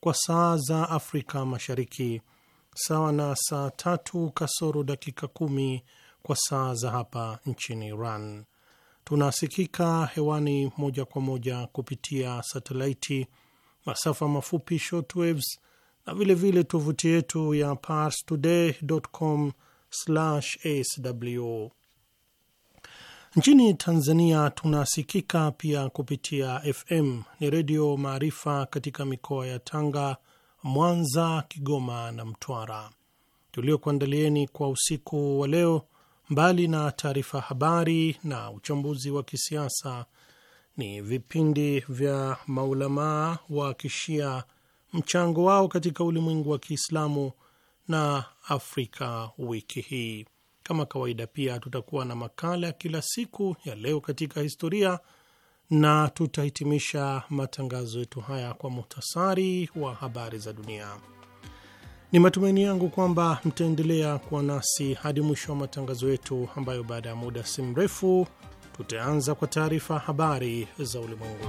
kwa saa za Afrika Mashariki, sawa na saa tatu kasoro dakika kumi kwa saa za hapa nchini Iran. Tunasikika hewani moja kwa moja kupitia satelaiti, masafa mafupi shotwaves na vilevile tovuti yetu ya parstoday.com/sw. Nchini Tanzania tunasikika pia kupitia FM ni Redio Maarifa katika mikoa ya Tanga, Mwanza, Kigoma na Mtwara. Tuliokuandalieni kwa usiku wa leo, mbali na taarifa habari na uchambuzi wa kisiasa, ni vipindi vya maulamaa wa Kishia, mchango wao katika ulimwengu wa Kiislamu na Afrika wiki hii. Kama kawaida, pia tutakuwa na makala ya kila siku ya leo katika historia na tutahitimisha matangazo yetu haya kwa muhtasari wa habari za dunia. Ni matumaini yangu kwamba mtaendelea kuwa nasi hadi mwisho wa matangazo yetu, ambayo baada ya muda si mrefu tutaanza kwa taarifa habari za ulimwengu.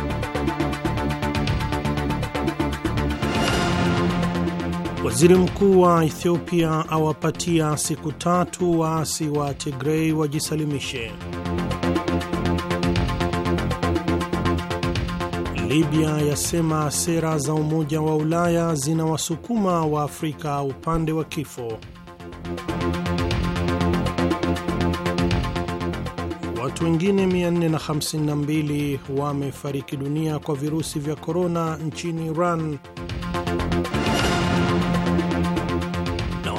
Waziri mkuu wa Ethiopia awapatia siku tatu waasi wa Tigrei wajisalimishe. Libya yasema sera za Umoja wa Ulaya zinawasukuma afrika upande wa kifo. Watu wengine 452 wamefariki dunia kwa virusi vya korona nchini Iran.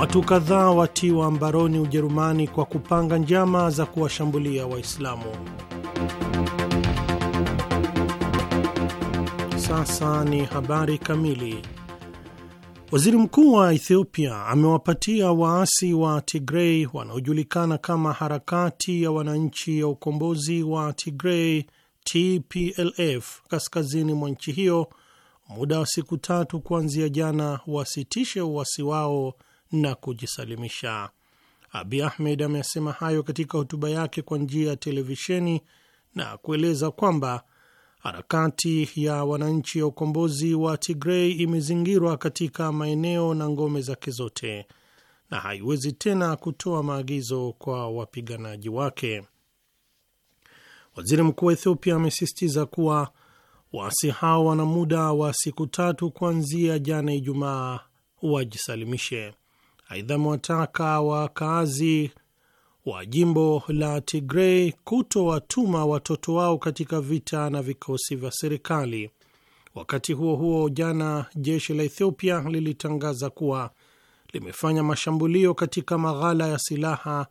Watu kadhaa watiwa mbaroni Ujerumani kwa kupanga njama za kuwashambulia Waislamu. Sasa ni habari kamili. Waziri mkuu wa Ethiopia amewapatia waasi wa Tigrei wanaojulikana kama harakati ya wananchi ya ukombozi wa Tigrei TPLF kaskazini mwa nchi hiyo muda wa siku tatu kuanzia jana wasitishe uasi wao na kujisalimisha. Abi Ahmed amesema hayo katika hotuba yake kwa njia ya televisheni na kueleza kwamba harakati ya wananchi ya ukombozi wa Tigrei imezingirwa katika maeneo na ngome zake zote na haiwezi tena kutoa maagizo kwa wapiganaji wake. Waziri mkuu wa Ethiopia amesisitiza kuwa waasi hao wana muda wa siku tatu kuanzia jana Ijumaa wajisalimishe. Aidha, amewataka wakazi wa jimbo la Tigrei kutowatuma watoto wao katika vita na vikosi vya serikali. Wakati huo huo, jana jeshi la Ethiopia lilitangaza kuwa limefanya mashambulio katika maghala ya silaha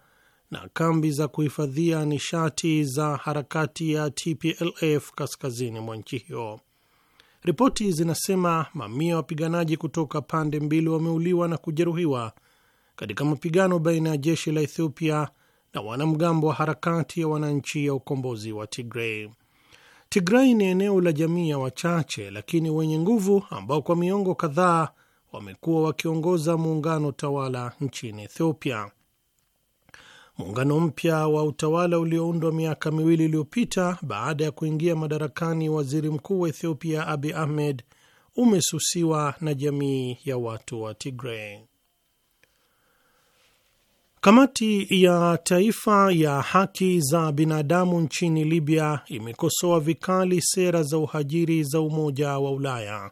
na kambi za kuhifadhia nishati za harakati ya TPLF kaskazini mwa nchi hiyo. Ripoti zinasema mamia ya wapiganaji kutoka pande mbili wameuliwa na kujeruhiwa katika mapigano baina ya jeshi la Ethiopia na wanamgambo wa harakati ya wananchi ya ukombozi wa tigrei tigrei ni eneo la jamii ya wachache lakini wenye nguvu ambao kwa miongo kadhaa wamekuwa wakiongoza muungano tawala nchini Ethiopia. Muungano mpya wa utawala ulioundwa miaka miwili iliyopita baada ya kuingia madarakani waziri mkuu wa Ethiopia Abiy Ahmed umesusiwa na jamii ya watu wa tigrei Kamati ya Taifa ya Haki za Binadamu nchini Libya imekosoa vikali sera za uhajiri za Umoja wa Ulaya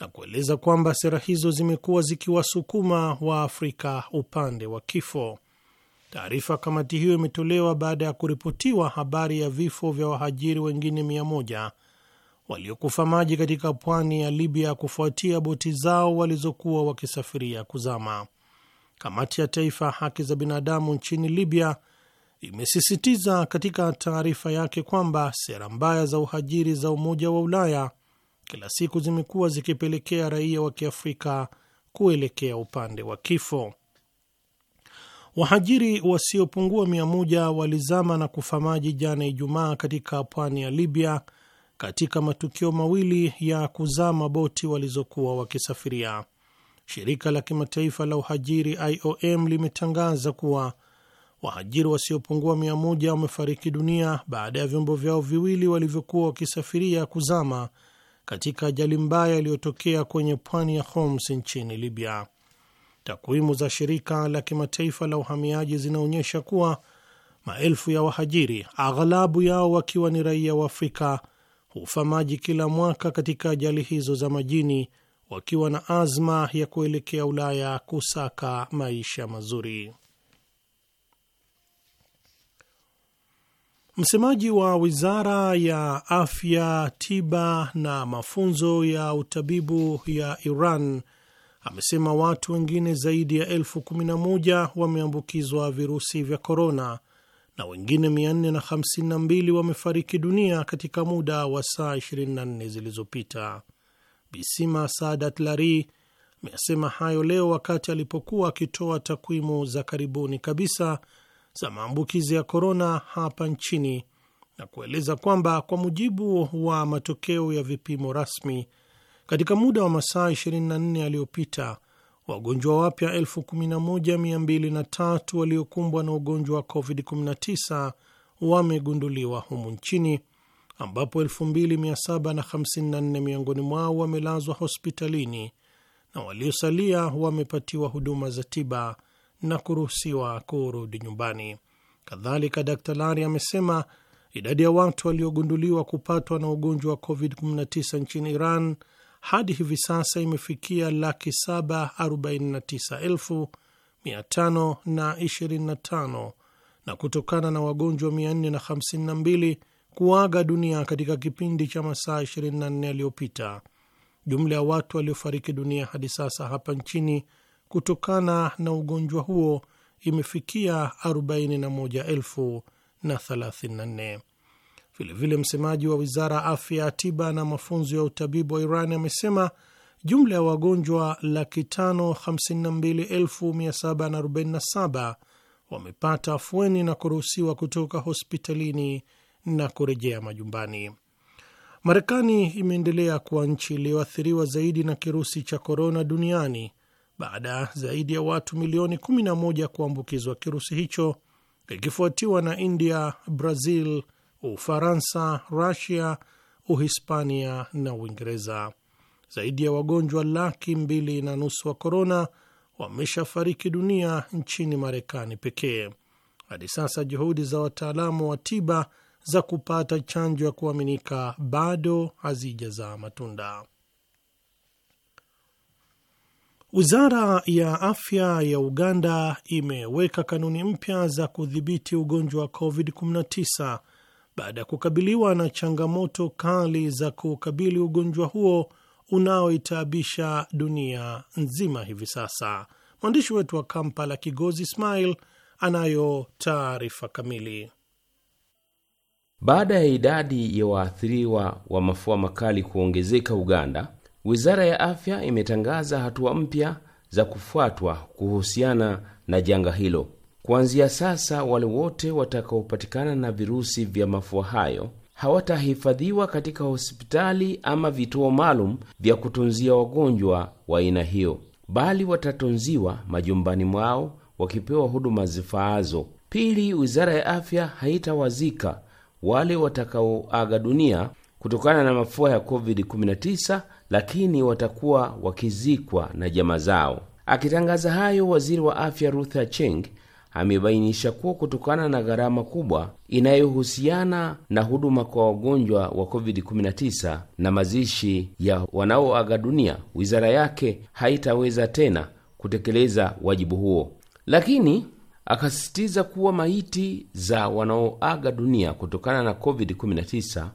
na kueleza kwamba sera hizo zimekuwa zikiwasukuma Waafrika upande wa kifo. Taarifa kamati hiyo imetolewa baada ya kuripotiwa habari ya vifo vya wahajiri wengine mia moja waliokufa maji katika pwani ya Libya kufuatia boti zao walizokuwa wakisafiria kuzama. Kamati ya Taifa ya Haki za Binadamu nchini Libya imesisitiza katika taarifa yake kwamba sera mbaya za uhajiri za Umoja wa Ulaya kila siku zimekuwa zikipelekea raia wa Kiafrika kuelekea upande wa kifo. Wahajiri wasiopungua mia moja walizama na kufa maji jana Ijumaa katika pwani ya Libya katika matukio mawili ya kuzama boti walizokuwa wakisafiria. Shirika la kimataifa la uhajiri IOM limetangaza kuwa wahajiri wasiopungua mia moja wamefariki dunia baada ya vyombo vyao viwili walivyokuwa wakisafiria kuzama katika ajali mbaya iliyotokea kwenye pwani ya Homs nchini Libya. Takwimu za shirika la kimataifa la uhamiaji zinaonyesha kuwa maelfu ya wahajiri, aghalabu yao wakiwa ni raia wa Afrika, hufa maji kila mwaka katika ajali hizo za majini wakiwa na azma ya kuelekea Ulaya kusaka maisha mazuri. Msemaji wa wizara ya afya, tiba na mafunzo ya utabibu ya Iran amesema watu wengine zaidi ya elfu kumi na moja wameambukizwa virusi vya korona na wengine 452 wamefariki dunia katika muda wa saa 24 zilizopita. Bisima sadatlari Lari hayo leo wakati alipokuwa akitoa takwimu za karibuni kabisa za maambukizi ya korona hapa nchini na kueleza kwamba kwa mujibu wa matokeo ya vipimo rasmi katika muda wa masaa 24 yaliyopita wagonjwa wapya 11203 waliokumbwa na ugonjwa wa COVID-19 wamegunduliwa humu nchini ambapo 2754 miongoni mwao wamelazwa hospitalini na waliosalia wamepatiwa huduma za tiba na kuruhusiwa kurudi nyumbani. Kadhalika, Dr Lari amesema idadi ya watu waliogunduliwa kupatwa na ugonjwa wa COVID-19 nchini Iran hadi hivi sasa imefikia laki saba na kutokana na wagonjwa 452 kuaga dunia katika kipindi cha masaa 24 yaliyopita. Jumla ya watu waliofariki dunia hadi sasa hapa nchini kutokana na ugonjwa huo imefikia 41,034. Vilevile, msemaji wa wizara ya afya ya tiba na mafunzo ya utabibu wa Iran amesema jumla ya wagonjwa laki 552747 wamepata afueni na kuruhusiwa kutoka hospitalini na kurejea majumbani. Marekani imeendelea kuwa nchi iliyoathiriwa zaidi na kirusi cha korona duniani baada zaidi ya watu milioni 11 kuambukizwa kirusi hicho, ikifuatiwa na India, Brazil, Ufaransa, Rusia, Uhispania na Uingereza. Zaidi ya wagonjwa laki mbili na nusu wa korona wameshafariki dunia nchini Marekani pekee. Hadi sasa juhudi za wataalamu wa tiba za kupata chanjo ya kuaminika bado hazijazaa matunda. Wizara ya afya ya Uganda imeweka kanuni mpya za kudhibiti ugonjwa wa COVID-19 baada ya kukabiliwa na changamoto kali za kukabili ugonjwa huo unaoitaabisha dunia nzima hivi sasa. Mwandishi wetu wa Kampala, Kigozi Ismail, anayo taarifa kamili. Baada ya idadi ya waathiriwa wa mafua makali kuongezeka Uganda, wizara ya afya imetangaza hatua mpya za kufuatwa kuhusiana na janga hilo. Kuanzia sasa, wale wote watakaopatikana na virusi vya mafua hayo hawatahifadhiwa katika hospitali ama vituo maalum vya kutunzia wagonjwa wa aina hiyo, bali watatunziwa majumbani mwao wakipewa huduma zifaazo. Pili, wizara ya afya haitawazika wale watakaoaga dunia kutokana na mafua ya COVID-19, lakini watakuwa wakizikwa na jamaa zao. Akitangaza hayo, waziri wa afya Ruth Acheng amebainisha kuwa kutokana na gharama kubwa inayohusiana na huduma kwa wagonjwa wa COVID-19 na mazishi ya wanaoaga dunia, wizara yake haitaweza tena kutekeleza wajibu huo, lakini Akasisitiza kuwa maiti za wanaoaga dunia kutokana na COVID-19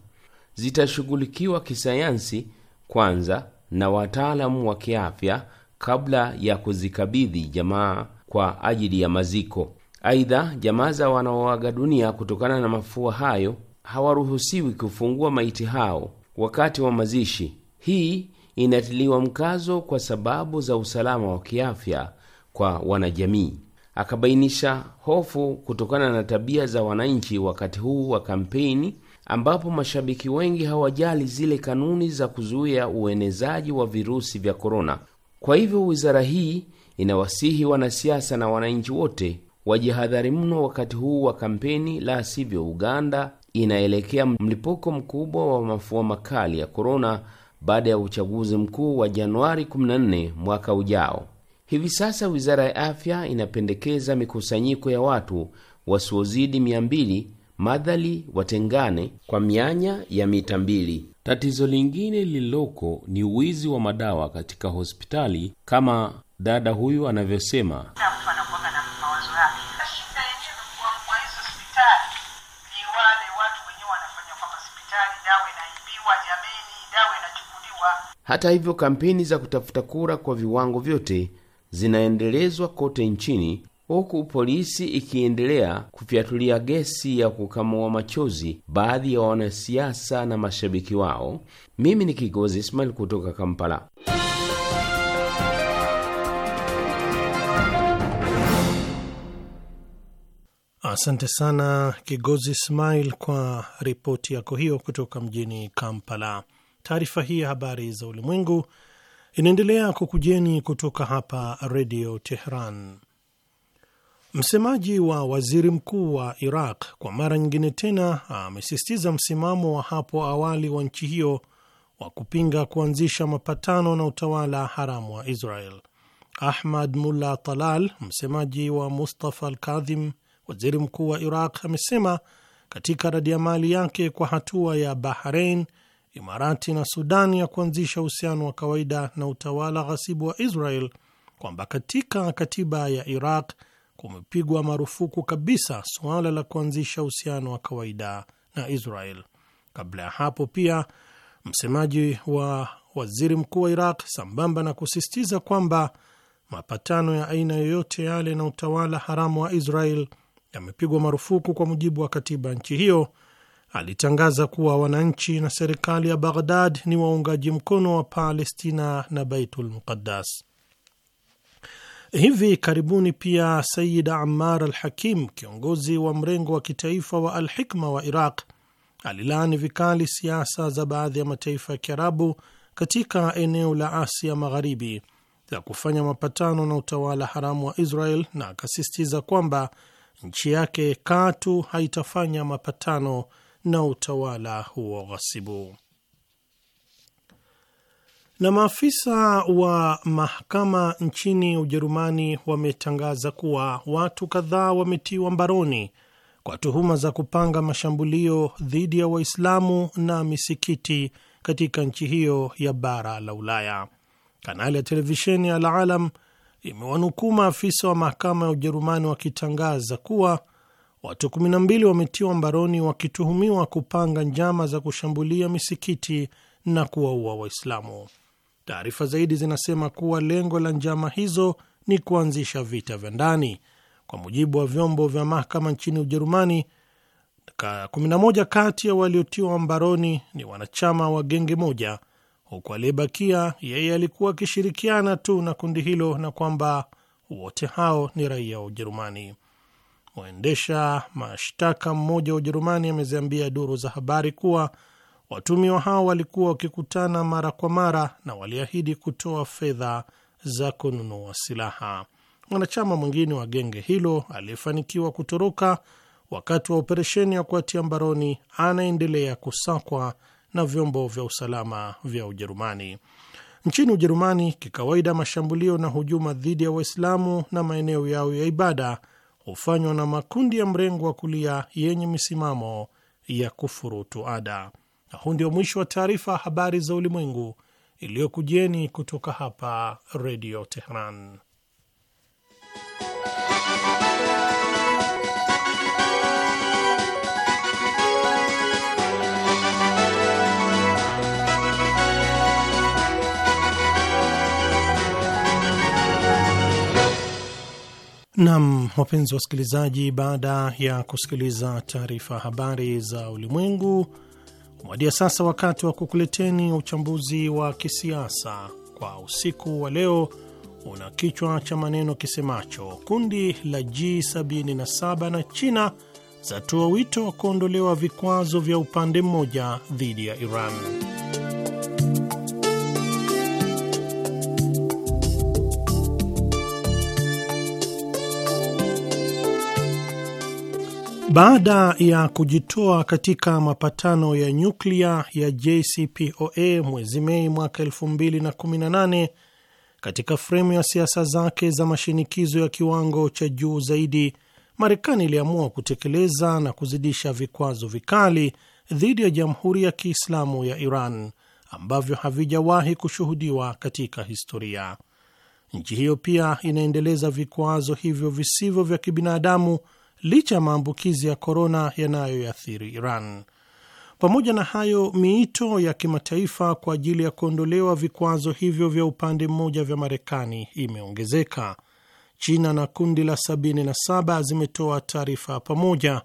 zitashughulikiwa kisayansi kwanza na wataalamu wa kiafya kabla ya kuzikabidhi jamaa kwa ajili ya maziko. Aidha, jamaa za wanaoaga dunia kutokana na mafua hayo hawaruhusiwi kufungua maiti hao wakati wa mazishi. Hii inatiliwa mkazo kwa sababu za usalama wa kiafya kwa wanajamii akabainisha hofu kutokana na tabia za wananchi wakati huu wa kampeni ambapo mashabiki wengi hawajali zile kanuni za kuzuia uenezaji wa virusi vya korona. Kwa hivyo, wizara hii inawasihi wanasiasa na wananchi wote wajihadhari mno wakati huu wa kampeni, la sivyo Uganda inaelekea mlipuko mkubwa wa mafua makali ya korona baada ya uchaguzi mkuu wa Januari 14 mwaka ujao. Hivi sasa wizara ya afya inapendekeza mikusanyiko ya watu wasiozidi mia mbili madhali watengane kwa mianya ya mita mbili. Tatizo lingine lililoko ni uwizi wa madawa katika hospitali, kama dada huyu anavyosema. Hata hivyo, kampeni za kutafuta kura kwa viwango vyote zinaendelezwa kote nchini, huku polisi ikiendelea kufyatulia gesi ya kukamua machozi baadhi ya wanasiasa na mashabiki wao. Mimi ni Kigozi Ismail kutoka Kampala. Asante sana Kigozi Ismail kwa ripoti yako hiyo kutoka mjini Kampala. Taarifa hii ya habari za ulimwengu inaendelea kukujeni kutoka hapa Redio Tehran. Msemaji wa waziri mkuu wa Iraq kwa mara nyingine tena amesisitiza msimamo wa hapo awali wa nchi hiyo wa kupinga kuanzisha mapatano na utawala haramu wa Israel. Ahmad Mulla Talal, msemaji wa Mustafa Alkadhim, waziri mkuu wa Iraq, amesema katika radiamali yake kwa hatua ya bahrein Imarati na Sudan ya kuanzisha uhusiano wa kawaida na utawala ghasibu wa Israel, kwamba katika katiba ya Iraq kumepigwa marufuku kabisa suala la kuanzisha uhusiano wa kawaida na Israel. Kabla ya hapo pia msemaji wa waziri mkuu wa Iraq, sambamba na kusisitiza kwamba mapatano ya aina yoyote yale na utawala haramu wa Israel yamepigwa marufuku kwa mujibu wa katiba nchi hiyo, alitangaza kuwa wananchi na serikali ya Baghdad ni waungaji mkono wa Palestina na Baitul Muqaddas. Hivi karibuni pia Sayid Ammar al Hakim, kiongozi wa mrengo wa kitaifa wa Al Hikma wa Iraq, alilaani vikali siasa za baadhi ya mataifa ya Kiarabu katika eneo la Asia Magharibi za kufanya mapatano na utawala haramu wa Israel na akasisitiza kwamba nchi yake katu haitafanya mapatano na utawala huo ghasibu. Na maafisa wa mahakama nchini Ujerumani wametangaza kuwa watu kadhaa wametiwa mbaroni kwa tuhuma za kupanga mashambulio dhidi ya Waislamu na misikiti katika nchi hiyo ya bara la Ulaya. Kanali ya televisheni ya alalam Alam imewanukuu maafisa wa mahakama ya Ujerumani wakitangaza kuwa watu 12 wametiwa mbaroni wakituhumiwa kupanga njama za kushambulia misikiti na kuwaua Waislamu. Taarifa zaidi zinasema kuwa lengo la njama hizo ni kuanzisha vita vya ndani. Kwa mujibu wa vyombo vya mahakama nchini Ujerumani, 11 kati ya waliotiwa mbaroni ni wanachama wa genge moja, huku aliyebakia yeye alikuwa akishirikiana tu na kundi hilo, na kwamba wote hao ni raia wa Ujerumani. Waendesha mashtaka mmoja wa Ujerumani ameziambia duru za habari kuwa watumiwa hao walikuwa wakikutana mara kwa mara na waliahidi kutoa fedha za kununua silaha. Mwanachama mwingine wa genge hilo aliyefanikiwa kutoroka wakati wa operesheni ya kuatia mbaroni anaendelea kusakwa na vyombo vya usalama vya Ujerumani. Nchini Ujerumani, kikawaida, mashambulio na hujuma dhidi ya Waislamu na maeneo yao ya ibada hufanywa na makundi ya mrengo wa kulia yenye misimamo ya kufurutu ada. Na huu ndio mwisho wa taarifa ya habari za ulimwengu iliyokujeni kutoka hapa Redio Teheran. Nam, wapenzi wa wasikilizaji, baada ya kusikiliza taarifa habari za ulimwengu, mwadia sasa wakati wa kukuleteni uchambuzi wa kisiasa kwa usiku wa leo. Una kichwa cha maneno kisemacho kundi la G77 na China zatoa wito wa kuondolewa vikwazo vya upande mmoja dhidi ya Iran. Baada ya kujitoa katika mapatano ya nyuklia ya JCPOA mwezi Mei mwaka 2018 katika fremu ya siasa zake za mashinikizo ya kiwango cha juu zaidi, Marekani iliamua kutekeleza na kuzidisha vikwazo vikali dhidi ya Jamhuri ya Kiislamu ya Iran ambavyo havijawahi kushuhudiwa katika historia. Nchi hiyo pia inaendeleza vikwazo hivyo visivyo vya kibinadamu licha ya maambukizi ya korona yanayoathiri Iran. Pamoja na hayo, miito ya kimataifa kwa ajili ya kuondolewa vikwazo hivyo vya upande mmoja vya Marekani imeongezeka. China na kundi la 77 zimetoa taarifa pamoja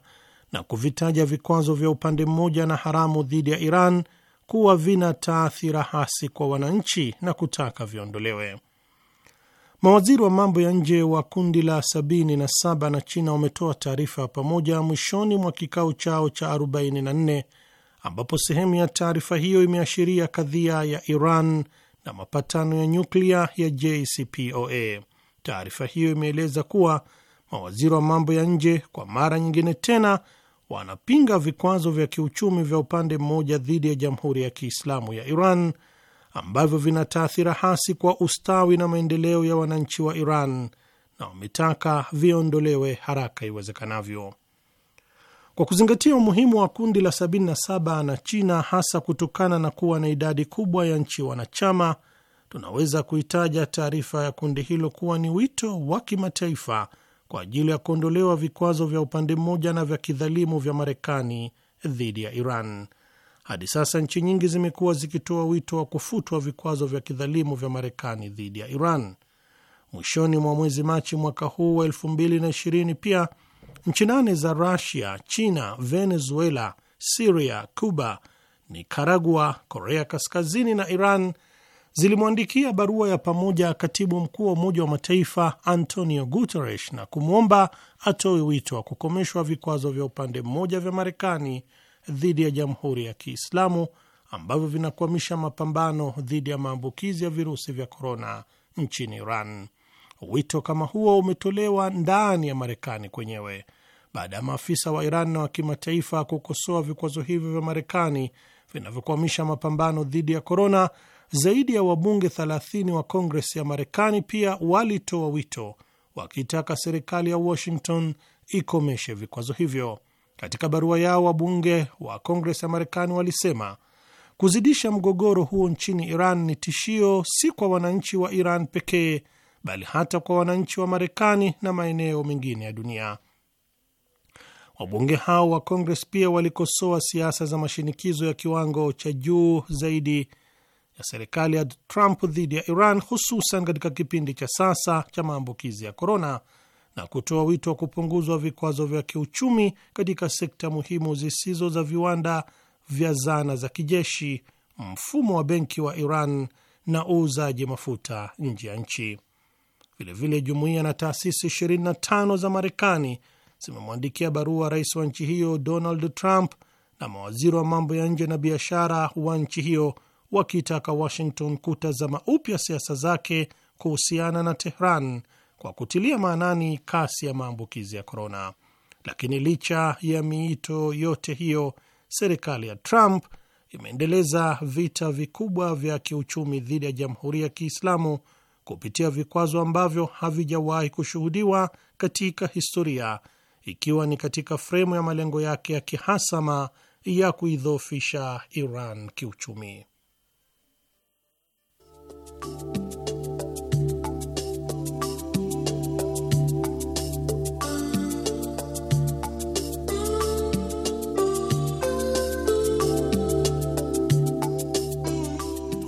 na kuvitaja vikwazo vya upande mmoja na haramu dhidi ya Iran kuwa vina taathira hasi kwa wananchi na kutaka viondolewe. Mawaziri wa mambo ya nje wa kundi la 77 na China wametoa taarifa pamoja mwishoni mwa kikao chao cha 44 ambapo sehemu ya taarifa hiyo imeashiria kadhia ya Iran na mapatano ya nyuklia ya JCPOA. Taarifa hiyo imeeleza kuwa mawaziri wa mambo ya nje kwa mara nyingine tena wanapinga vikwazo vya kiuchumi vya upande mmoja dhidi ya Jamhuri ya Kiislamu ya Iran ambavyo vina taathira hasi kwa ustawi na maendeleo ya wananchi wa Iran na wametaka viondolewe haraka iwezekanavyo. Kwa kuzingatia umuhimu wa kundi la 77 na China, hasa kutokana na kuwa na idadi kubwa ya nchi wanachama, tunaweza kuitaja taarifa ya kundi hilo kuwa ni wito wa kimataifa kwa ajili ya kuondolewa vikwazo vya upande mmoja na vya kidhalimu vya Marekani dhidi ya Iran. Hadi sasa nchi nyingi zimekuwa zikitoa wito wa kufutwa vikwazo vya kidhalimu vya Marekani dhidi ya Iran. Mwishoni mwa mwezi Machi mwaka huu wa 2020 pia nchi nane za Rusia, China, Venezuela, Siria, Cuba, Nikaragua, Korea Kaskazini na Iran zilimwandikia barua ya pamoja katibu mkuu wa Umoja wa Mataifa Antonio Guterres na kumwomba atoe wito wa kukomeshwa vikwazo vya upande mmoja vya Marekani dhidi ya Jamhuri ya Kiislamu ambavyo vinakwamisha mapambano dhidi ya maambukizi ya virusi vya korona nchini Iran. Wito kama huo umetolewa ndani ya Marekani kwenyewe baada ya maafisa wa Iran na wa kimataifa kukosoa vikwazo hivyo vya Marekani vinavyokwamisha mapambano dhidi ya korona. Zaidi ya wabunge 30 wa Kongres ya Marekani pia walitoa wito wakitaka serikali ya Washington ikomeshe vikwazo hivyo. Katika barua yao wabunge wa Kongres ya Marekani walisema kuzidisha mgogoro huo nchini Iran ni tishio si kwa wananchi wa Iran pekee, bali hata kwa wananchi wa Marekani na maeneo mengine ya dunia. Wabunge hao wa Kongres pia walikosoa siasa za mashinikizo ya kiwango cha juu zaidi ya serikali ya Trump dhidi ya Iran, hususan katika kipindi cha sasa cha maambukizi ya korona na kutoa wito wa kupunguzwa vikwazo vya kiuchumi katika sekta muhimu zisizo za viwanda vya zana za kijeshi, mfumo wa benki wa Iran na uuzaji mafuta nje ya nchi. Vilevile, jumuiya na taasisi 25 za Marekani zimemwandikia barua rais wa nchi hiyo Donald Trump na mawaziri wa mambo ya nje na biashara wa nchi hiyo wakitaka Washington kutazama upya siasa zake kuhusiana na Tehran kwa kutilia maanani kasi ya maambukizi ya korona. Lakini licha ya miito yote hiyo, serikali ya Trump imeendeleza vita vikubwa vya kiuchumi dhidi ya Jamhuri ya Kiislamu kupitia vikwazo ambavyo havijawahi kushuhudiwa katika historia, ikiwa ni katika fremu ya malengo yake ya kihasama ya kuidhoofisha Iran kiuchumi.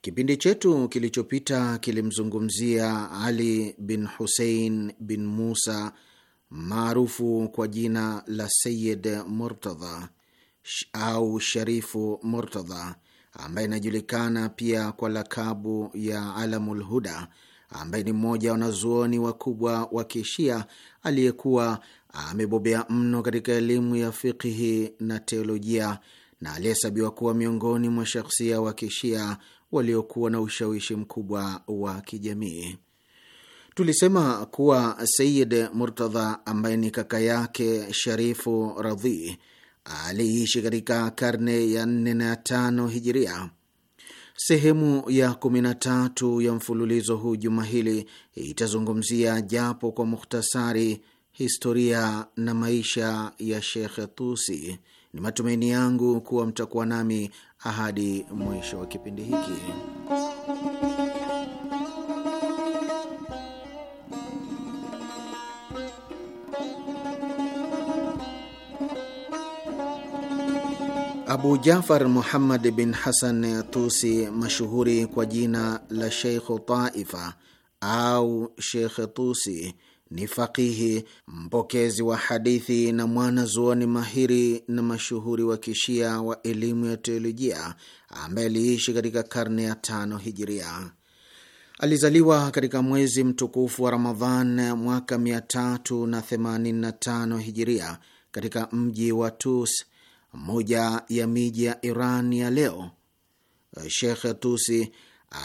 Kipindi chetu kilichopita kilimzungumzia Ali bin Husein bin Musa maarufu kwa jina la Sayid Murtadha au Sharifu Murtadha, ambaye inajulikana pia kwa lakabu ya Alamul Huda, ambaye ni mmoja wa wanazuoni wakubwa wa Kishia aliyekuwa amebobea mno katika elimu ya fikihi na teolojia na alihesabiwa kuwa miongoni mwa shakhsia wa Kishia waliokuwa na ushawishi mkubwa wa kijamii. Tulisema kuwa Sayid Murtadha ambaye ni kaka yake Sharifu Radhi aliishi katika karne ya nne na tano hijiria. Sehemu ya kumi na tatu ya mfululizo huu juma hili itazungumzia japo kwa mukhtasari historia na maisha ya Shekhe Tusi. Ni matumaini yangu kuwa mtakuwa nami hadi mwisho wa kipindi hiki. Abu Jafar Muhammad bin Hasan Tusi, mashuhuri kwa jina la Sheikhu Taifa au Sheikh Tusi ni fakihi mpokezi wa hadithi na mwanazuoni mahiri na mashuhuri wa kishia wa elimu ya teolojia ambaye aliishi katika karne ya tano hijiria. Alizaliwa katika mwezi mtukufu wa Ramadhan mwaka 385 hijiria katika mji wa Tus, moja ya miji ya Iran ya leo. Shekh Tusi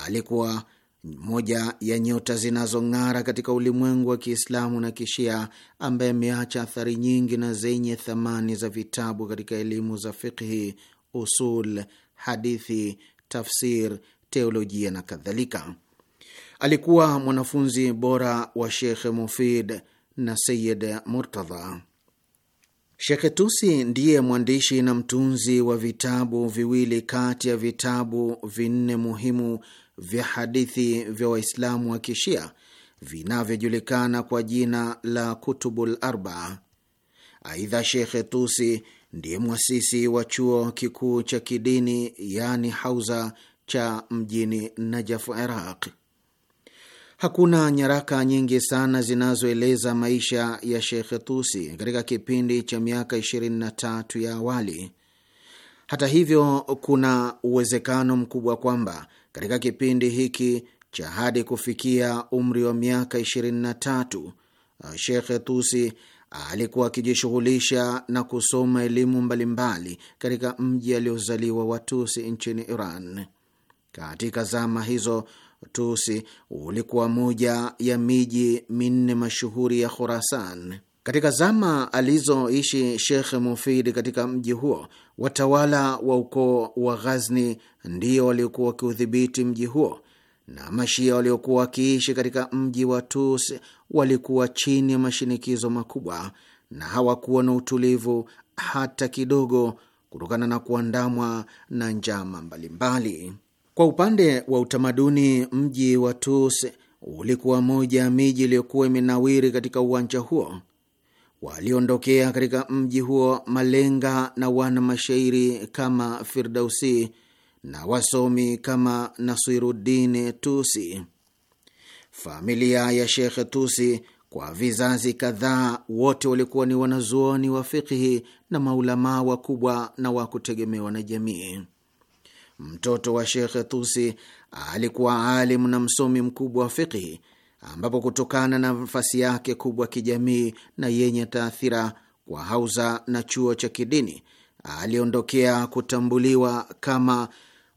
alikuwa moja ya nyota zinazong'ara katika ulimwengu wa Kiislamu na Kishia, ambaye ameacha athari nyingi na zenye thamani za vitabu katika elimu za fiqhi, usul, hadithi, tafsir, teolojia na kadhalika. Alikuwa mwanafunzi bora wa Shekhe Mufid na Sayid Murtadha. Shekhe Tusi ndiye mwandishi na mtunzi wa vitabu viwili kati ya vitabu vinne muhimu vya hadithi vya Waislamu wa kishia vinavyojulikana kwa jina la Kutubul Arba. Aidha, Shekhe Tusi ndiye mwasisi wa chuo kikuu cha kidini yani hauza cha mjini najafu Iraq. Hakuna nyaraka nyingi sana zinazoeleza maisha ya Shekhe Tusi katika kipindi cha miaka 23 ya awali. Hata hivyo, kuna uwezekano mkubwa kwamba katika kipindi hiki cha hadi kufikia umri wa miaka 23 Shekhe Tusi alikuwa akijishughulisha na kusoma elimu mbalimbali katika mji aliozaliwa Watusi nchini Iran. Katika zama hizo, Tusi ulikuwa moja ya miji minne mashuhuri ya Khorasan. Katika zama alizoishi Shekh Mufid katika mji huo, watawala wa ukoo wa Ghazni ndio waliokuwa wakiudhibiti mji huo, na Mashia waliokuwa wakiishi katika mji wa Tus walikuwa chini ya mashinikizo makubwa na hawakuwa na utulivu hata kidogo, kutokana na kuandamwa na njama mbalimbali. Kwa upande wa utamaduni, mji wa Tus ulikuwa moja ya miji iliyokuwa imenawiri katika uwanja huo waliondokea katika mji huo malenga na wana mashairi kama Firdausi na wasomi kama Nasiruddin Tusi. Familia ya Shekhe Tusi kwa vizazi kadhaa wote walikuwa ni wanazuoni wa fikihi na maulamaa wakubwa na wa kutegemewa na jamii. Mtoto wa Shekhe Tusi alikuwa alimu na msomi mkubwa wa fikihi ambapo kutokana na nafasi yake kubwa kijamii na yenye taathira kwa hauza na chuo cha kidini aliondokea kutambuliwa kama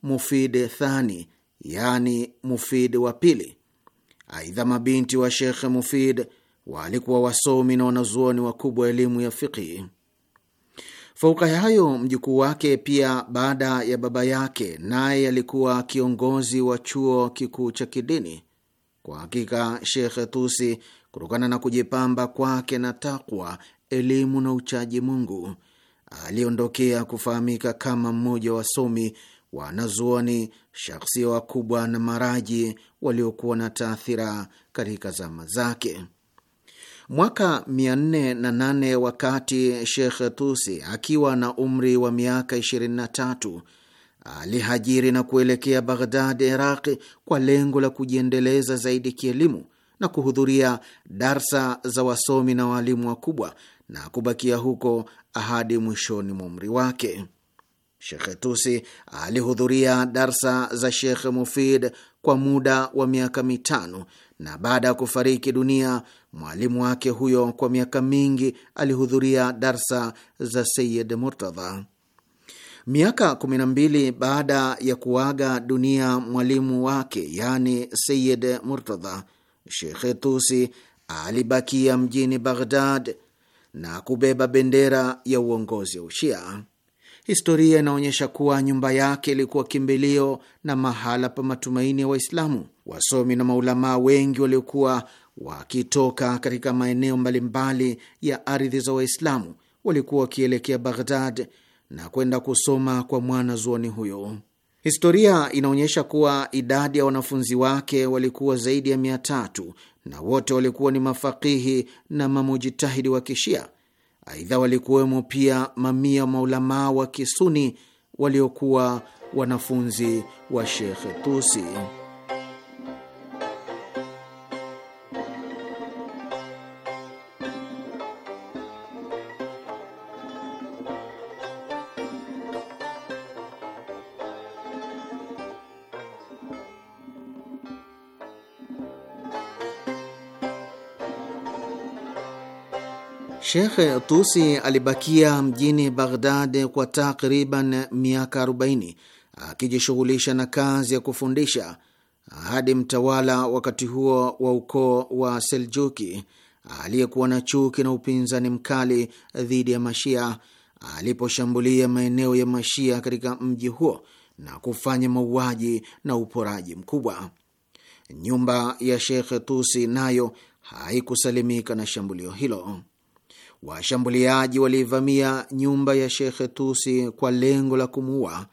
Mufid Thani, yaani Mufid wa pili. Aidha, mabinti wa Shekh Mufid walikuwa wasomi na wanazuoni wakubwa elimu ya fiqhi. Fauka ya hayo, mjukuu wake pia baada ya baba yake, naye alikuwa kiongozi wa chuo kikuu cha kidini. Kwa hakika Shekhe Tusi, kutokana na kujipamba kwake na takwa, elimu na uchaji Mungu, aliondokea kufahamika kama mmoja wa somi wanazuoni shakhsia wakubwa na maraji waliokuwa na taathira katika zama zake. Mwaka 408 wakati shekhe Tusi akiwa na umri wa miaka 23 alihajiri na kuelekea Baghdad, Iraqi, kwa lengo la kujiendeleza zaidi kielimu na kuhudhuria darsa za wasomi na waalimu wakubwa na kubakia huko hadi mwishoni mwa umri wake. Shekhe Tusi alihudhuria darsa za Shekhe Mufid kwa muda wa miaka mitano, na baada ya kufariki dunia mwalimu wake huyo, kwa miaka mingi alihudhuria darsa za Sayid Murtadha. Miaka mbili baada ya kuaga dunia mwalimu wake, yaani Sayid Murtadha, Shekhe Tusi alibakia mjini Baghdad na kubeba bendera ya uongozi wa Ushia. Historia inaonyesha kuwa nyumba yake ilikuwa kimbilio na mahala pa matumaini ya wa Waislamu. Wasomi na maulamaa wengi waliokuwa wakitoka katika maeneo mbalimbali ya ardhi za Waislamu walikuwa wakielekea Baghdad na kwenda kusoma kwa mwana zuoni huyo. Historia inaonyesha kuwa idadi ya wanafunzi wake walikuwa zaidi ya mia tatu na wote walikuwa ni mafakihi na mamujitahidi wa Kishia. Aidha, walikuwemo pia mamia maulamaa wa Kisuni waliokuwa wanafunzi wa shekhe Tusi. shekh Tusi alibakia mjini Baghdad kwa takriban miaka 40 akijishughulisha na kazi ya kufundisha hadi mtawala wakati huo wa ukoo wa Seljuki aliyekuwa na chuki na upinzani mkali dhidi ya Mashia aliposhambulia maeneo ya Mashia katika mji huo na kufanya mauaji na uporaji mkubwa. Nyumba ya shekh Tusi nayo haikusalimika na shambulio hilo washambuliaji waliivamia nyumba ya Shekhe Tusi kwa lengo la kumuua.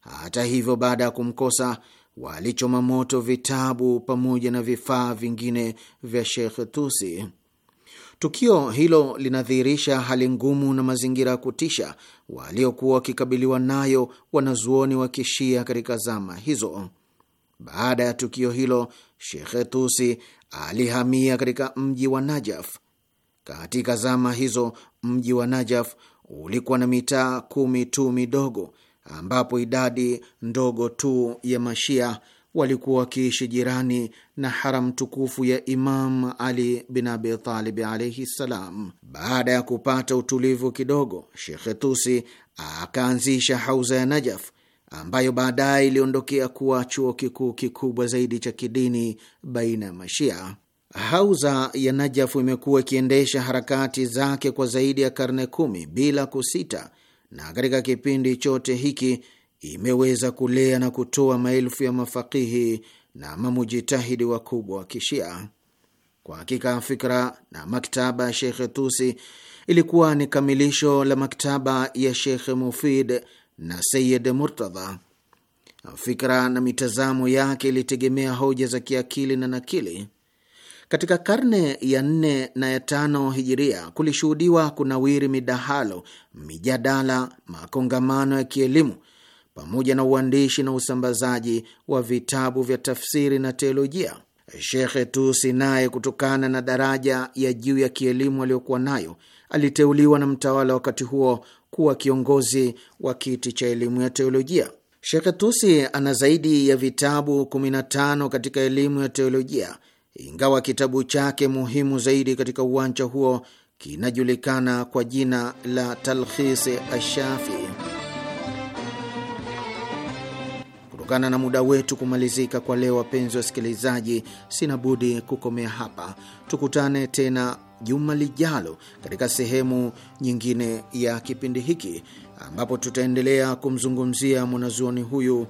Hata hivyo, baada ya kumkosa walichoma moto vitabu pamoja na vifaa vingine vya Shekhe Tusi. Tukio hilo linadhihirisha hali ngumu na mazingira ya kutisha waliokuwa wakikabiliwa nayo wanazuoni wa kishia katika zama hizo. Baada ya tukio hilo, Shekhe Tusi alihamia katika mji wa Najaf katika zama hizo mji wa Najaf ulikuwa na mitaa kumi tu midogo, ambapo idadi ndogo tu ya Mashia walikuwa wakiishi jirani na haram tukufu ya Imam Ali bin Abi Talib alaihi ssalam. Baada ya kupata utulivu kidogo, Shekhe Tusi akaanzisha hauza ya Najaf ambayo baadaye iliondokea kuwa chuo kikuu kikubwa zaidi cha kidini baina ya Mashia. Hauza ya Najafu imekuwa ikiendesha harakati zake kwa zaidi ya karne kumi bila kusita, na katika kipindi chote hiki imeweza kulea na kutoa maelfu ya mafakihi na mamujitahidi wakubwa wa Kishia. Kwa hakika fikra na maktaba ya Shekhe Tusi ilikuwa ni kamilisho la maktaba ya Shekhe Mufid na Sayid Murtadha. Fikra na mitazamo yake ilitegemea hoja za kiakili na nakili katika karne ya nne na ya tano hijiria kulishuhudiwa kunawiri midahalo, mijadala, makongamano ya kielimu pamoja na uandishi na usambazaji wa vitabu vya tafsiri na teolojia. Shekhe Tusi naye kutokana na daraja ya juu ya kielimu aliyokuwa nayo aliteuliwa na mtawala wakati huo kuwa kiongozi wa kiti cha elimu ya teolojia. Shekhe Tusi ana zaidi ya vitabu 15 katika elimu ya teolojia ingawa kitabu chake muhimu zaidi katika uwanja huo kinajulikana kwa jina la Talkhis ashafi Kutokana na muda wetu kumalizika kwa leo, wapenzi wasikilizaji, sina budi kukomea hapa. Tukutane tena juma lijalo katika sehemu nyingine ya kipindi hiki ambapo tutaendelea kumzungumzia mwanazuoni huyu,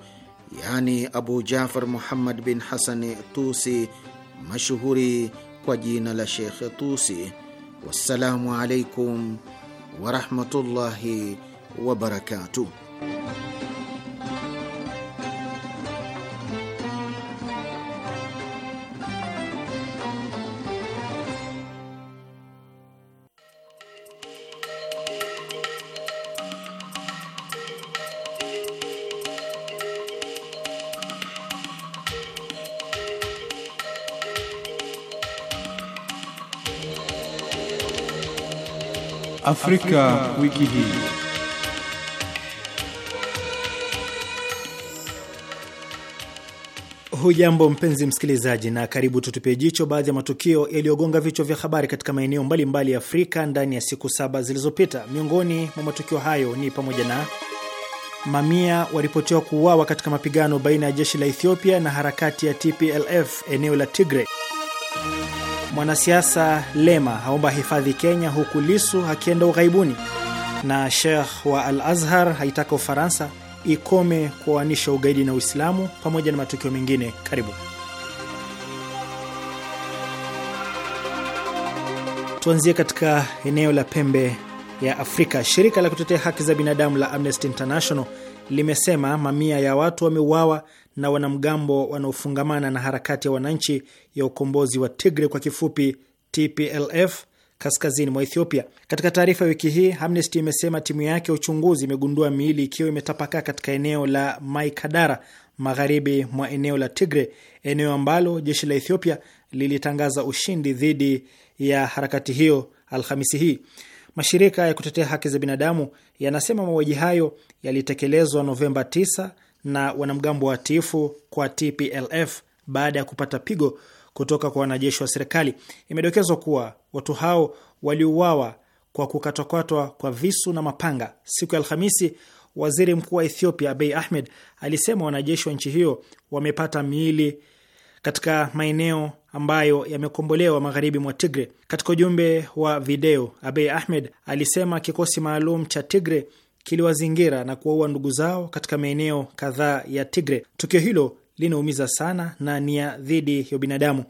yaani Abu Jafar Muhammad bin Hasani Tusi mashuhuri kwa jina la Sheikh Tusi. Wassalamu alaikum warahmatullahi wabarakatuh. Afrika, wiki hii. Hujambo mpenzi msikilizaji, na karibu tutupie jicho baadhi ya matukio yaliyogonga vichwa vya habari katika maeneo mbalimbali ya Afrika ndani ya siku saba zilizopita. Miongoni mwa matukio hayo ni pamoja na mamia waripotiwa kuuawa katika mapigano baina ya jeshi la Ethiopia na harakati ya TPLF eneo la Tigray Mwanasiasa Lema aomba hifadhi Kenya, huku Lisu akienda ughaibuni, na Sheikh wa Al Azhar haitaka Ufaransa ikome kuoanisha ugaidi na Uislamu, pamoja na matukio mengine. Karibu tuanzie katika eneo la pembe ya Afrika. Shirika la kutetea haki za binadamu la Amnesty International limesema mamia ya watu wameuawa na wanamgambo wanaofungamana na harakati ya wananchi ya ukombozi wa Tigre kwa kifupi TPLF kaskazini mwa Ethiopia. Katika taarifa ya wiki hii, Amnesty imesema timu yake ya uchunguzi imegundua miili ikiwa imetapakaa katika eneo la Maikadara magharibi mwa eneo la Tigre, eneo ambalo jeshi la Ethiopia lilitangaza ushindi dhidi ya harakati hiyo Alhamisi hii. Mashirika ya kutetea haki za binadamu yanasema mauaji hayo yalitekelezwa Novemba 9 na wanamgambo watiifu kwa TPLF baada ya kupata pigo kutoka kwa wanajeshi wa serikali. Imedokezwa kuwa watu hao waliuawa kwa kukatwakatwa kwa visu na mapanga. Siku ya Alhamisi, waziri mkuu wa Ethiopia Abiy Ahmed alisema wanajeshi wa nchi hiyo wamepata miili katika maeneo ambayo yamekombolewa magharibi mwa Tigre. Katika ujumbe wa video, Abiy Ahmed alisema kikosi maalum cha Tigre kiliwazingira na kuwaua ndugu zao katika maeneo kadhaa ya Tigre. Tukio hilo linaumiza sana na nia dhidi ya binadamu.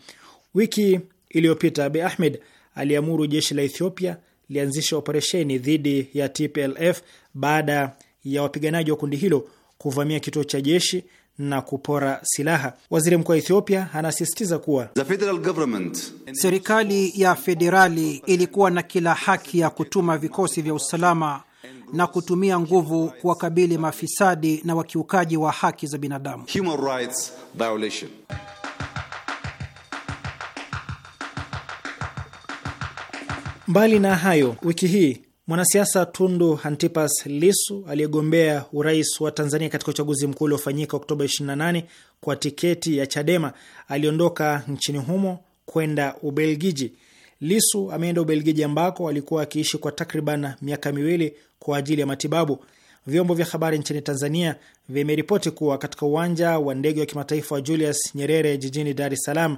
Wiki iliyopita Abi Ahmed aliamuru jeshi la Ethiopia lianzisha operesheni dhidi ya TPLF baada ya wapiganaji wa kundi hilo kuvamia kituo cha jeshi na kupora silaha. Waziri mkuu wa Ethiopia anasisitiza kuwa serikali ya federali ilikuwa na kila haki ya kutuma vikosi vya usalama na kutumia nguvu kuwakabili mafisadi na wakiukaji wa haki za binadamu. Human rights violation. Mbali na hayo, wiki hii mwanasiasa Tundu Antipas Lisu aliyegombea urais wa Tanzania katika uchaguzi mkuu uliofanyika Oktoba 28 kwa tiketi ya Chadema aliondoka nchini humo kwenda Ubelgiji Lisu ameenda Ubelgiji ambako alikuwa akiishi kwa takriban miaka miwili kwa ajili ya matibabu. Vyombo vya habari nchini Tanzania vimeripoti kuwa katika uwanja wa ndege wa kimataifa wa Julius Nyerere jijini Dar es Salaam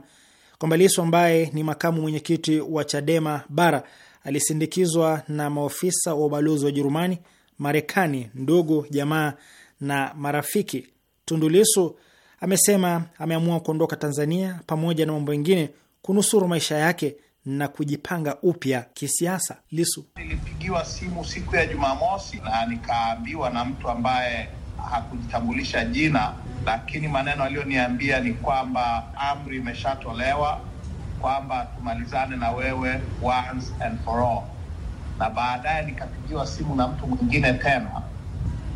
kwamba Lisu ambaye ni makamu mwenyekiti wa Chadema Bara alisindikizwa na maofisa wa ubalozi wa Ujerumani, Marekani, ndugu jamaa na marafiki. Tundu Lisu amesema ameamua kuondoka Tanzania pamoja na mambo mengine kunusuru maisha yake na kujipanga upya kisiasa. Lisu nilipigiwa simu siku ya Jumamosi na nikaambiwa na mtu ambaye hakujitambulisha jina, lakini maneno aliyoniambia ni kwamba amri imeshatolewa kwamba tumalizane na wewe once and for all. Na baadaye nikapigiwa simu na mtu mwingine tena,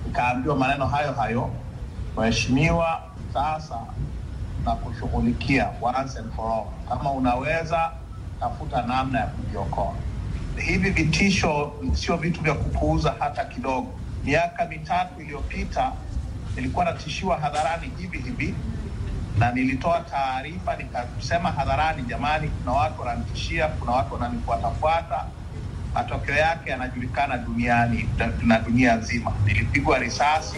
nikaambiwa maneno hayo hayo, mheshimiwa, sasa na kushughulikia once and for all, kama unaweza kutafuta namna ya kujiokoa. Hivi vitisho sio vitu vya kupuuza hata kidogo. Miaka mitatu iliyopita nilikuwa natishiwa hadharani hivi hivi, na nilitoa taarifa nikasema hadharani, jamani, kuna watu wananitishia, kuna watu wananifuatafuata. Matokeo yake yanajulikana duniani na dunia nzima, nilipigwa risasi.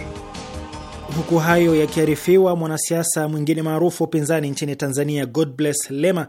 Huku hayo yakiarifiwa, mwanasiasa mwingine maarufu upinzani nchini Tanzania, Godbless Lema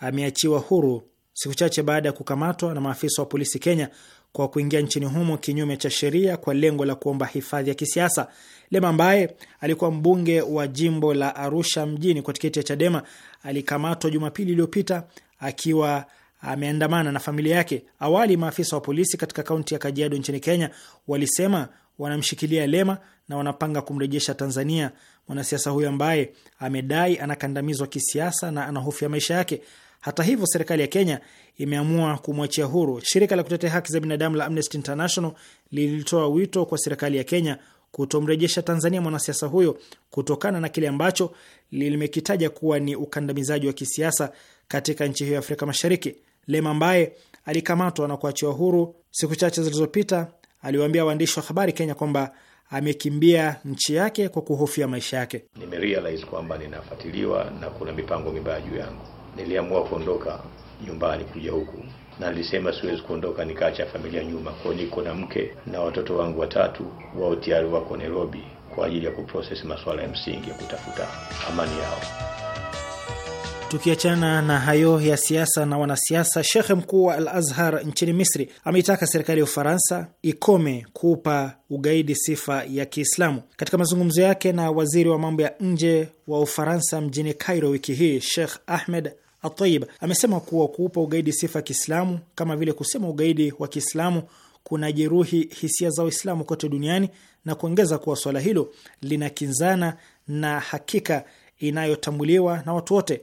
ameachiwa huru siku chache baada ya kukamatwa na maafisa wa polisi Kenya kwa kuingia nchini humo kinyume cha sheria kwa lengo la kuomba hifadhi ya kisiasa. Lema ambaye alikuwa mbunge wa jimbo la Arusha mjini kwa tiketi ya Chadema alikamatwa Jumapili iliyopita akiwa ameandamana na familia yake. Awali maafisa wa polisi katika kaunti ya Kajiado nchini Kenya walisema wanamshikilia Lema na wanapanga kumrejesha Tanzania. Mwanasiasa huyo ambaye amedai anakandamizwa kisiasa na anahofia maisha yake hata hivyo, serikali ya Kenya imeamua kumwachia huru. Shirika la kutetea haki za binadamu la Amnesty International lilitoa wito kwa serikali ya Kenya kutomrejesha Tanzania mwanasiasa huyo kutokana na kile ambacho limekitaja kuwa ni ukandamizaji wa kisiasa katika nchi hiyo ya Afrika Mashariki. Lema ambaye alikamatwa na kuachiwa huru siku chache zilizopita aliwaambia waandishi wa habari Kenya kwamba amekimbia nchi yake kwa kuhofia maisha yake. Nimerealize kwamba ninafuatiliwa na kuna mipango mibaya juu yangu niliamua kuondoka nyumbani kuja huku na nilisema siwezi kuondoka nikaacha familia nyuma. Kwa niko na mke na watoto wangu watatu, wao tayari wako Nairobi kwa ajili ya kuproses masuala ya msingi ya kutafuta amani yao. Tukiachana na hayo ya siasa na wanasiasa, shekhe mkuu wa Al Azhar nchini Misri ameitaka serikali ya Ufaransa ikome kuupa ugaidi sifa ya Kiislamu. Katika mazungumzo yake na waziri wa mambo ya nje wa Ufaransa mjini Cairo wiki hii, Shekh Ahmed Atayib amesema kuwa kuupa ugaidi sifa ya Kiislamu kama vile kusema ugaidi wa Kiislamu kuna jeruhi hisia za Waislamu kote duniani na kuongeza kuwa swala hilo linakinzana na hakika inayotambuliwa na watu wote.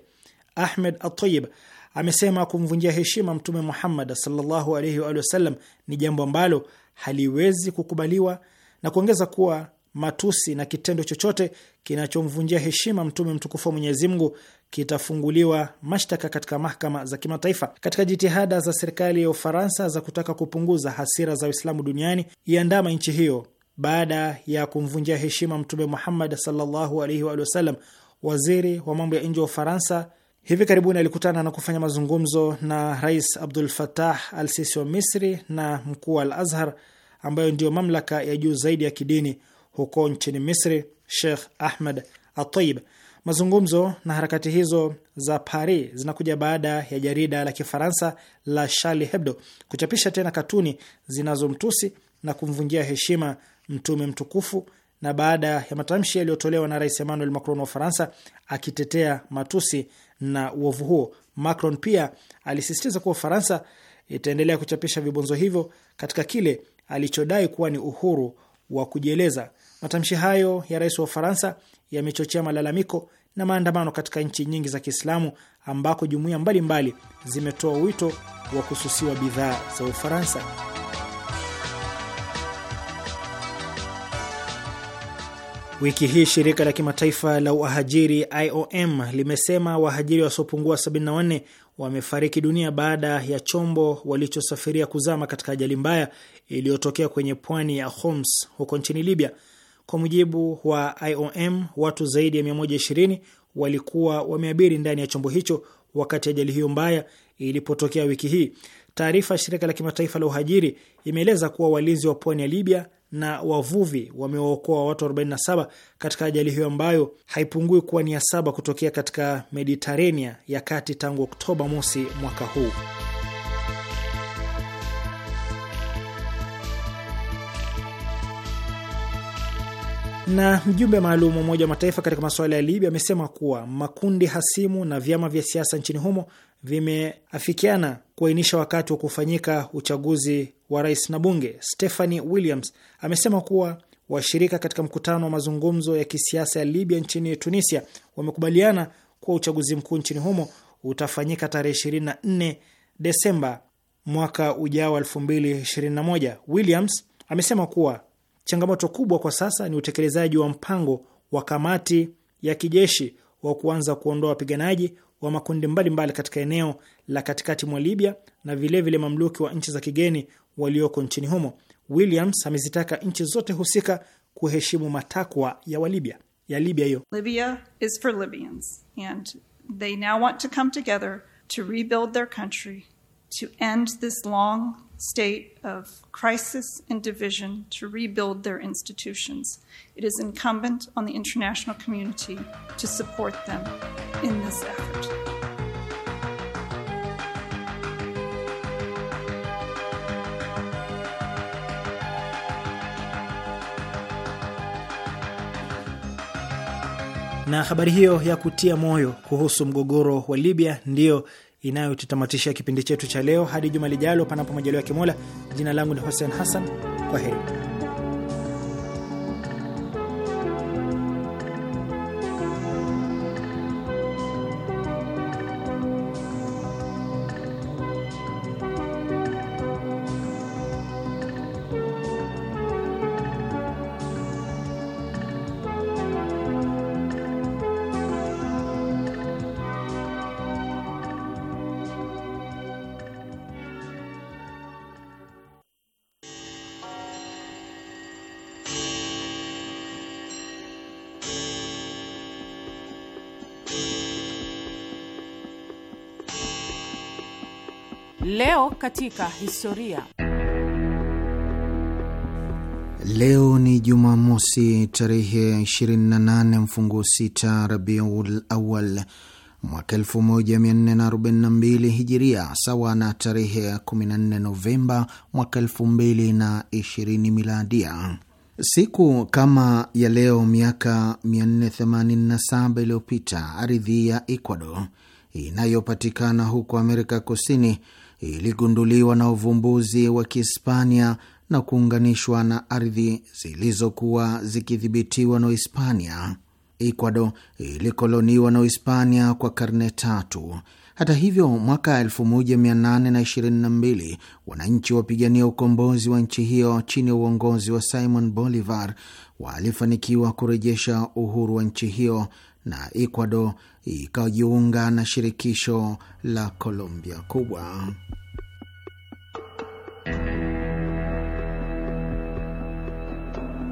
Ahmed Atayib amesema kumvunjia heshima Mtume Muhammad sallallahu alaihi wa wasallam ni jambo ambalo haliwezi kukubaliwa na kuongeza kuwa matusi na kitendo chochote kinachomvunjia heshima mtume mtukufu wa Mwenyezi Mungu kitafunguliwa mashtaka katika mahakama za kimataifa. Katika jitihada za serikali ya Ufaransa za kutaka kupunguza hasira za Waislamu duniani iandama nchi hiyo baada ya kumvunjia heshima Mtume Muhammad sallallahu alaihi wa sallam, waziri wa mambo ya nje wa Ufaransa hivi karibuni alikutana na kufanya mazungumzo na Rais Abdul Fatah al Sisi wa Misri na mkuu wa Al Azhar, ambayo ndiyo mamlaka ya juu zaidi ya kidini huko nchini Misri, Sheikh Ahmed Atayib. Mazungumzo na harakati hizo za Paris zinakuja baada ya jarida la Kifaransa la Charlie Hebdo kuchapisha tena katuni zinazomtusi na kumvunjia heshima mtume mtukufu na baada ya matamshi yaliyotolewa na Rais Emmanuel Macron wa Ufaransa akitetea matusi na uovu huo. Macron pia alisisitiza kuwa Ufaransa itaendelea kuchapisha vibonzo hivyo katika kile alichodai kuwa ni uhuru wa kujieleza. Matamshi hayo ya rais wa Ufaransa yamechochea malalamiko na maandamano katika nchi nyingi za Kiislamu ambako jumuiya mbalimbali zimetoa wito wa kususiwa bidhaa za Ufaransa. Wiki hii shirika la kimataifa la wahajiri IOM limesema wahajiri wasiopungua 74 wamefariki dunia baada ya chombo walichosafiria kuzama katika ajali mbaya iliyotokea kwenye pwani ya Homs huko nchini Libya. Kwa mujibu wa IOM, watu zaidi ya 120 walikuwa wameabiri ndani ya chombo hicho wakati ajali hiyo mbaya ilipotokea wiki hii. Taarifa ya shirika la kimataifa la uhajiri imeeleza kuwa walinzi wa pwani ya Libya na wavuvi wamewaokoa watu 47 katika ajali hiyo ambayo haipungui kuwa ni ya saba kutokea katika Mediterania ya kati tangu Oktoba mosi mwaka huu. Na mjumbe maalum wa Umoja wa Mataifa katika masuala ya Libya amesema kuwa makundi hasimu na vyama vya siasa nchini humo vimeafikiana kuainisha wakati wa kufanyika uchaguzi wa rais na bunge. Stephanie Williams amesema kuwa washirika katika mkutano wa mazungumzo ya kisiasa ya Libya nchini Tunisia wamekubaliana kuwa uchaguzi mkuu nchini humo utafanyika tarehe 24 Desemba mwaka ujao 2021. Williams amesema kuwa Changamoto kubwa kwa sasa ni utekelezaji wa mpango wa kamati ya kijeshi wa kuanza kuondoa wapiganaji wa makundi mbalimbali mbali katika eneo la katikati mwa Libya na vilevile vile mamluki wa nchi za kigeni walioko nchini humo. Williams amezitaka nchi zote husika kuheshimu matakwa ya Walibya ya Libya hiyo. Libya is for Libyans and they now want to come together to rebuild their country to end this long state of crisis and division to rebuild their institutions. It is incumbent on the international community to support them in this effort. Na habari hiyo ya kutia moyo kuhusu mgogoro wa Libya ndiyo inayotutamatishia kipindi chetu cha leo. Hadi juma lijalo, panapo majaliwa ya Kimola. Jina langu ni Hussein Hassan, kwa heri. katika historia. Leo ni Jumamosi tarehe 28 mfungu 6 Rabiul Awal mwaka 1442 Hijiria, sawa na tarehe 14 Novemba mwaka 2020 Miladia. Siku kama ya leo miaka 487 iliyopita, ardhi ya Ecuador inayopatikana huko Amerika Kusini iligunduliwa na uvumbuzi wa Kihispania na kuunganishwa na ardhi zilizokuwa zikidhibitiwa na no Uhispania. Ecuador ilikoloniwa na no Uhispania kwa karne tatu. Hata hivyo, mwaka 1822 wananchi wapigania ukombozi wa nchi hiyo chini ya uongozi wa Simon Bolivar walifanikiwa kurejesha uhuru wa nchi hiyo na Ecuador ikajiunga na shirikisho la Colombia kubwa.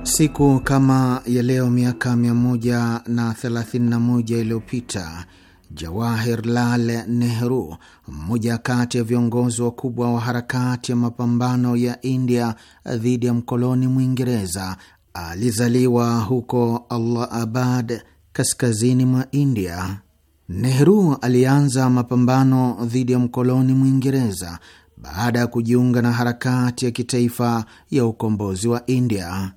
Siku kama ya leo miaka 131 iliyopita jawahir lal Nehru, mmoja kati ya viongozi wakubwa wa harakati ya mapambano ya India dhidi ya mkoloni Mwingereza, alizaliwa huko Allahabad, kaskazini mwa India. Nehru alianza mapambano dhidi ya mkoloni Mwingereza baada ya kujiunga na harakati ya kitaifa ya ukombozi wa India.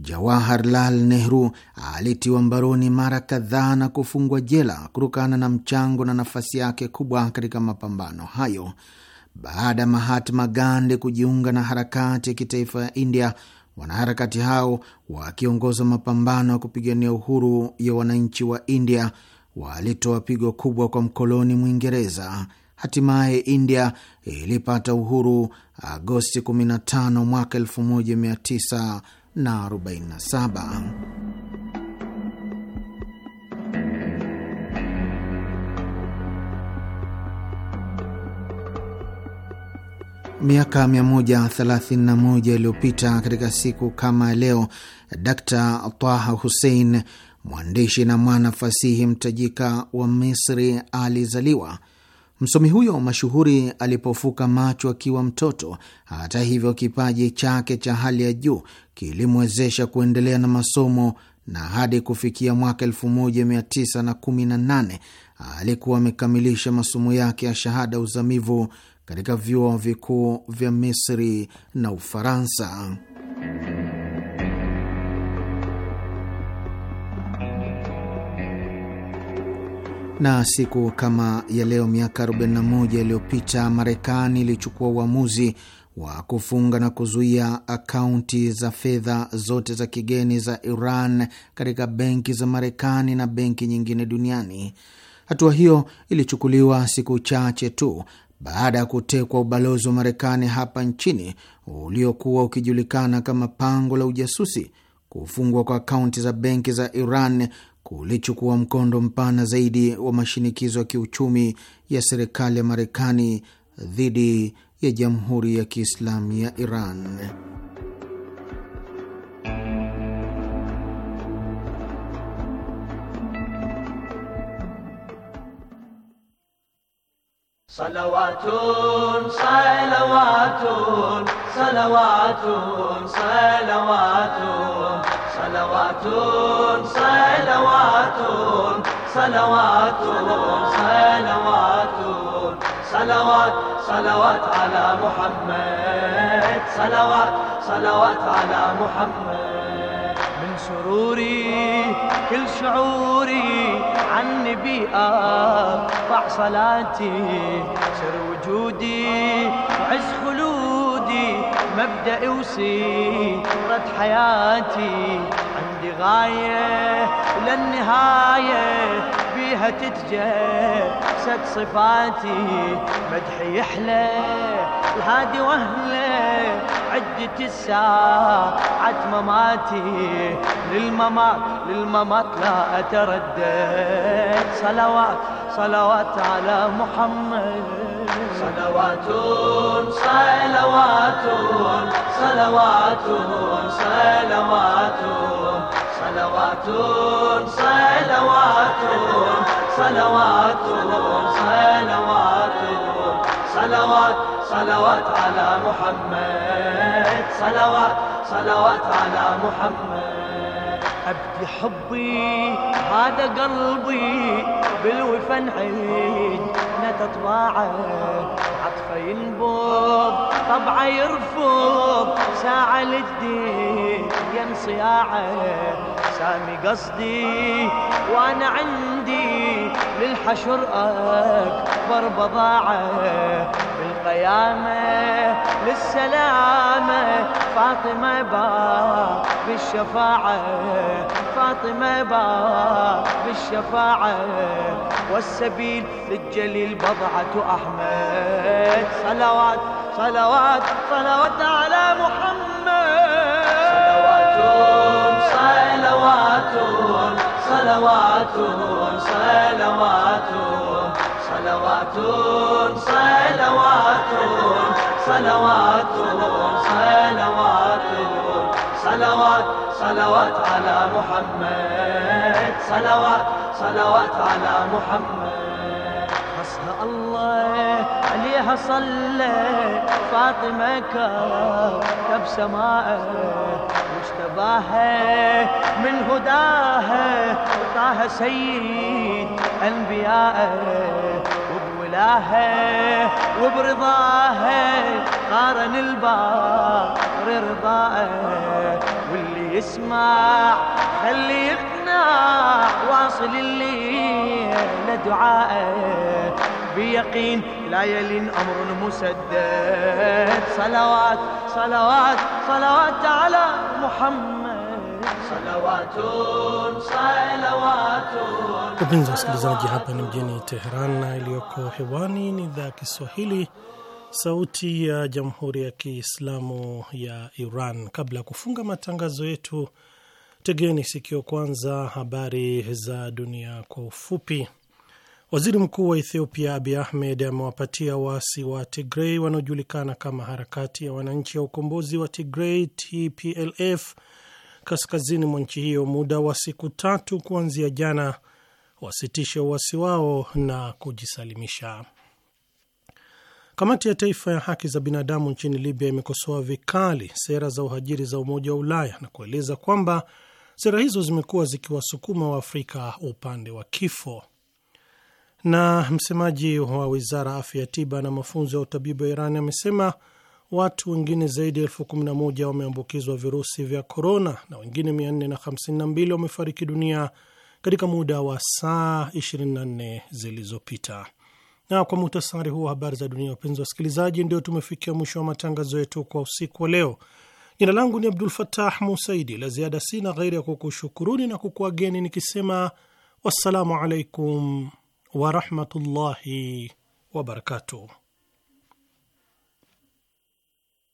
Jawaharlal Nehru alitiwa mbaroni mara kadhaa na kufungwa jela kutokana na mchango na nafasi yake kubwa katika mapambano hayo. Baada ya Mahatma Gandhi kujiunga na harakati ya kitaifa ya India, Wanaharakati hao wakiongoza mapambano ya kupigania uhuru ya wananchi wa India walitoa pigo kubwa kwa mkoloni Mwingereza. Hatimaye India ilipata uhuru Agosti 15 mwaka 1947. Miaka 131 iliyopita katika siku kama leo, Dr Taha Hussein, mwandishi na mwana fasihi mtajika wa Misri, alizaliwa. Msomi huyo mashuhuri alipofuka macho akiwa mtoto. Hata hivyo, kipaji chake cha hali ya juu kilimwezesha kuendelea na masomo na hadi kufikia mwaka 1918 alikuwa amekamilisha masomo yake ya shahada uzamivu katika vyuo vikuu vya Misri na Ufaransa. Na siku kama ya leo miaka 41 iliyopita Marekani ilichukua uamuzi wa kufunga na kuzuia akaunti za fedha zote za kigeni za Iran katika benki za Marekani na benki nyingine duniani. Hatua hiyo ilichukuliwa siku chache tu baada ya kutekwa ubalozi wa Marekani hapa nchini uliokuwa ukijulikana kama pango la ujasusi, kufungwa kwa akaunti za benki za Iran kulichukua mkondo mpana zaidi wa mashinikizo ya kiuchumi ya serikali ya Marekani dhidi ya Jamhuri ya Kiislamu ya Iran. صلوات صلوات صلوات صلوات صلوات صلوات صلوات صلوات صلوات صلوات على محمد صلوات صلوات على محمد سروري كل شعوري عن نبيئة ارفع صلاتي سر وجودي وعز خلودي مبدا وسيرة حياتي عندي غاية للنهاية بيها تتجسد صفاتي مدحي يحلى الهادي وأهله عدة الساعة مماتي للممات للممات لا أتردد صلوات صلوات على محمد صلوات صلوات صلوات صلوات صلوات صلوات صلوات صلوات صلوات صلوات على محمد صلوات صلوات على محمد أبدي حبي هذا قلبي بالوفا نعيد نتطبع عطفه ينبض طبعه يرفض ساعة للدين ينصياعه سامي قصدي وانا عندي للحشر اكبر بضاعه القيامة للسلامة فاطمة با بالشفاعة فاطمة با بالشفاعة والسبيل للجليل بضعة أحمد صلوات صلوات صلوات على محمد صلوات صلوات صلوات, صلوات صلوات صلوات صلوات صلوات صلوات على محمد صلوات صلوات على محمد حسها الله عليها صلى فاطمة كوكب سمائه مجتباها من هداها طه سيد أنبيائه مولاها وبرضاها قارن البار رضاها واللي يسمع خلي يقنع واصل اللي لدعائه بيقين لا يلين امر مسدد صلوات صلوات صلوات على محمد Wapenzi wasikilizaji, hapa ni mjini Teheran na iliyoko hewani ni idhaa ya Kiswahili, Sauti ya Jamhuri ya Kiislamu ya Iran. Kabla ya kufunga matangazo yetu, tegeni sikio kwanza habari za dunia kwa ufupi. Waziri Mkuu wa Ethiopia Abi Ahmed amewapatia waasi wa Tigrei wanaojulikana kama Harakati ya Wananchi ya Ukombozi wa Tigrei, TPLF, kaskazini mwa nchi hiyo muda wa siku tatu kuanzia jana wasitishe uasi wao na kujisalimisha. Kamati ya Taifa ya Haki za Binadamu nchini Libya imekosoa vikali sera za uhajiri za Umoja wa Ulaya na kueleza kwamba sera hizo zimekuwa zikiwasukuma Waafrika upande wa kifo. Na msemaji wa wizara ya afya, tiba na mafunzo ya utabibu wa iran amesema watu wengine zaidi ya elfu kumi na moja wameambukizwa virusi vya korona na wengine 452 wamefariki dunia katika muda wa saa 24 zilizopita. Na kwa muhtasari huu wa habari za dunia, wapenzi wasikilizaji, ndio tumefikia mwisho wa matangazo yetu kwa usiku wa leo. Jina langu ni Abdul fatah Musaidi. La ziada sina ghairi ya kukushukuruni na kukuageni nikisema wassalamu alaikum warahmatullahi wabarakatuh.